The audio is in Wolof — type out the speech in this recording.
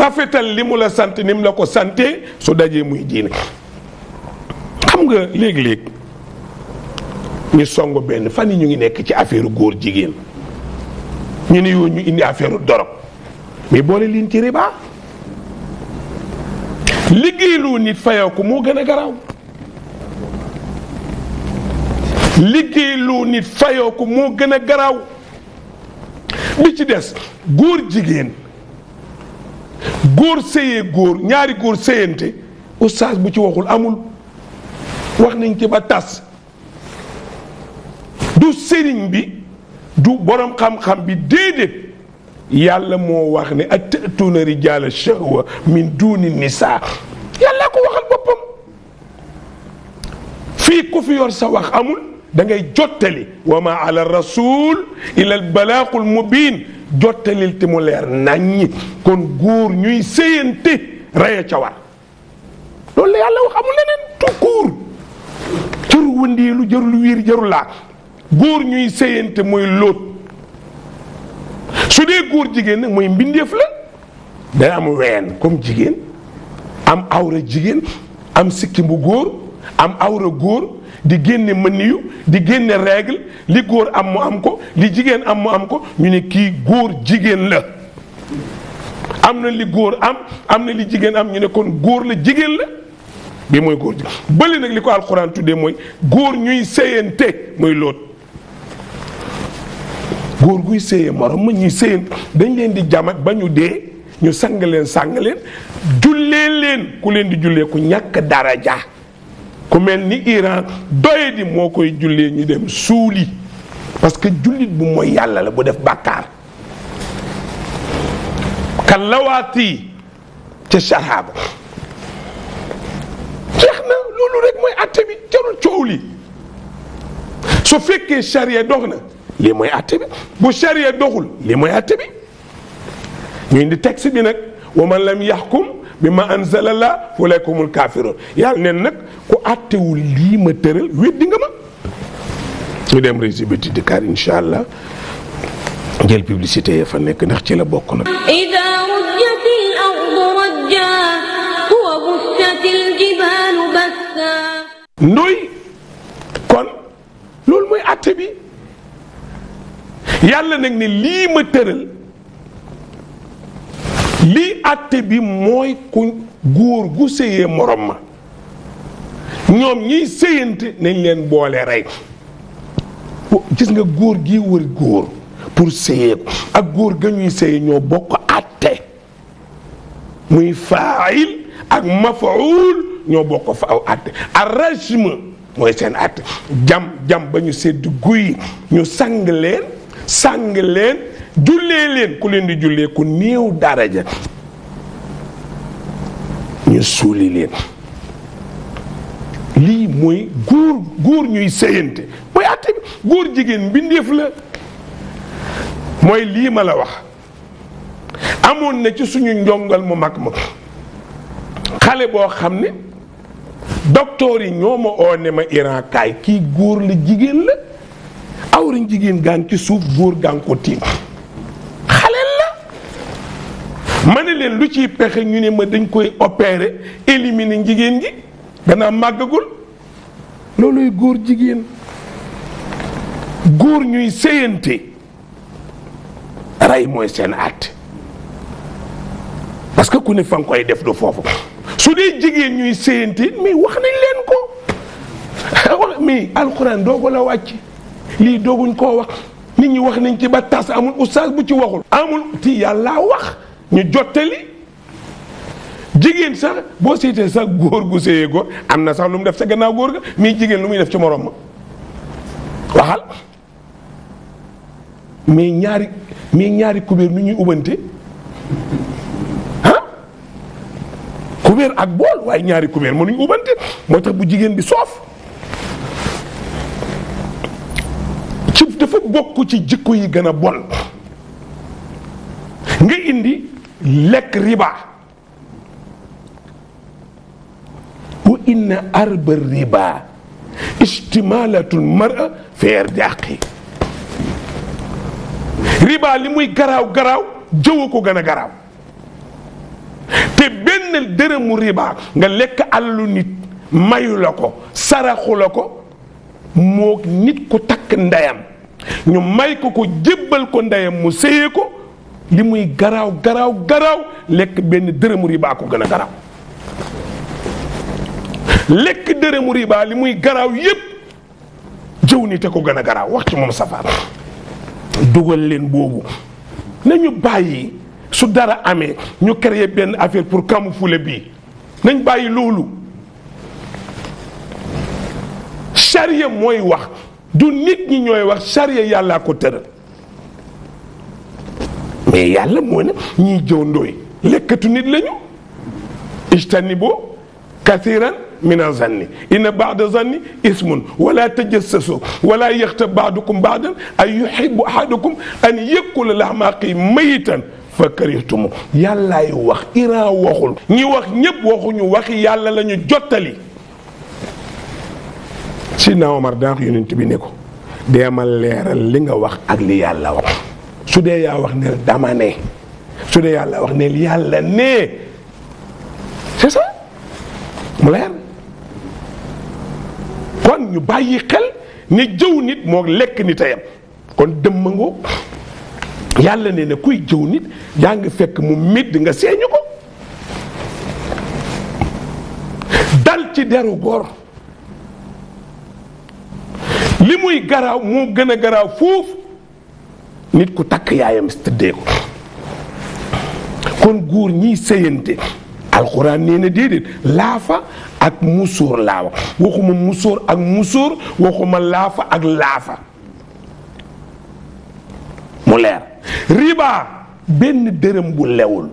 rafetal li mu la sant ni mu la ko sante su dajee muy diine xam nga léeg-léeg ñu songu benn fan yi ñu ngi nekk ci affaire góor jigéen ñu ne yow ñu indi affaire doro mais boole liin ci riba liggéeyloo nit fayoo ko moo gën a garaaw liggéeyloo nit fayoo ko moo gën a garaaw bi ci des góor jigéen góor séyee góor ñaari góor séyante oustaz bu ci waxul amul wax nañ ci ba tas du sëriñ bi du borom xam-xam bi déedéet yàlla moo wax ne atatuuna rijaala shahwa min duuni nisaa yàlla ko waxal boppam fii ku fi yor wax amul dangay jottali wa ma ala rasul ila al balaaqul jottalil te nañ ñi kon góor ñuy sëyante reye ca war loolu la yàlla xamul leneen tout court jarul wëndeelu jarul wiir jarul laa góor ñuy séyante mooy lóot su dee góor jigéen mooy mbindeef la day am ween comme jigéen am awra jigéen am sikkim bu góor am awra góor di génne mën mëniyu di génne règle li góor am mu am ko li jigéen am mu am ko ñu ne kii góor jigéen la am na li góor am am na li jigéen am ñu ne kon góor la jigéen la bi mooy góor jigéen bële nag li ko alxuraan tuddee mooy góor ñuy séyante mooy loot góor guy séye morom ma ñuy séyant dañ leen di jamat ba ñu dee ñu sang leen sang leen jullee leen ku leen di jullee ku ñàkk daraja ku mel ni Iran doye di moo koy jullee ñu dem suuli parce que jullit bu mooy yàlla la bu def bàkkaar kan lawaati ca charha ba jeex na loolu rek mooy atte bi jarul coow li su fekkee charia dox na lii mooy atte bi bu charia doxul lii mooy atte bi ñu indi texte bi nag wa man lam yaxkum bi ma anzala la fu lay ko mul kaafiroon yàlla neen nag ku àttewul lii ma tëral weddi ma ñu dem rési béti di kaar incha allah jël publicité ya fa nekk nax ci la bokk nag ndoy kon loolu mooy àtte bi yàlla nag ne lii ma tëral lii àtte bi mooy ku góor gu séyee morom ma ñoom ñiy séyante nañ leen boole rey gis nga góor gi wër góor pour séyee ak góor ga ñuy séyee ñoo bokk àtte muy faayil ak mafaul ñoo bokk fa aw àtte arrajme mooy seen àtte jam jam ba ñu sedd guy ñu sang leen sang leen jullee leen ku leen di jullee ku néew daraja ñu suuli leen lii mooy góor góor ñuy sëyante mooy àtte bi góor jigéen mbindeef la mooy lii ma la wax amoon na ci suñu njongal mu mag ma xale boo xam ne docteur yi ñoo ma oo ma Iran kaay kii góor la jigéen la awriñ jigéen gaan ci suuf góor gaan ko tiim ma ne leen lu ci pexe ñu ne ma dañ koy opérer éliminer jigéen gi danaa màggagul looluy góor jigéen góor ñuy séyante rey mooy seen att parce que ku ne fa koy def du foofu su dee jigéen ñuy séyante muy wax nañ leen ko wax mais alxuraan doogu la wàcc lii dooguñ koo wax nit ñi wax nañ ci ba tas amul oustaz bu ci waxul amul ti yàlla wax ñu jottali jigéen sax boo seetee sax góor gu séyee góor am na sax lu mu def sa gannaaw góor ga mais jigéen lu muy def ci morom ma waxal mais ñaari mais ñaari kubéer nu ñuy ubante ah kubéer ak bool waaye ñaari kubéer mënuñu ubante moo tax bu jigéen bi soof ci dafa bokk ci jikko yi gën a bon nga indi lekk riba wa inna arba riba istimalatul mara fi ardi aqi riba li muy garaaw garaaw jëwa ko gën a garaaw te benn dërëmu riba nga lekk alalu nit mayu ko saraxula ko moo nit ku takk ndeyam ñu may ko ko jébbal ko ndeyam mu séyee ko li muy garaaw garaaw garaaw lekk benn dërëmu riba ko gën a garaaw lekk dërëmu riba li muy garaaw yépp jëw ni te ko gën a garaaw wax ci moom safar dugal leen boobu nañu bàyyi su dara amee ñu créer benn affaire pour camoufler bii nañ bàyyi loolu charia mooy wax du nit ñi ñooy wax charia yàllaa ko tëral mais yàlla moo ne ñiy jëw ndóoy lekkatu nit lañu ijtanibu kathiran mina zanni inna baada zanni ismun wala tajassasu wala yaxtab baadukum baadan ay yuhibbu ahadukum an yakula lahma axi fa karihtumu yàllaay wax Iran waxul ñi wax ñëpp waxuñu wax yàlla la ñu jottali Sidna Omar daax yonent bi ne ko deemal leeral li nga wax ak yàlla wax su dee yaa wax neel dama ne su dee yàlla wax neel yàlla ne c'est ça mu leer kon ñu bàyyi xel ne jëw nit moo lekk nit a yem kon dëmm ngoo yàlla ne ne kuy jëw nit yaa ngi fekk mu midd nga seeñu ko dal ci deru gor li muy garaaw moo gën a garaaw foofu nit ku takk yaayam tëddee ko kon góor ñiy sëyante alxuraan nee na déedéet laafa ak musóor laa waxuma musóor ak musóor waxuma laafa ak laafa mu leer riba benn dërëm bu lewul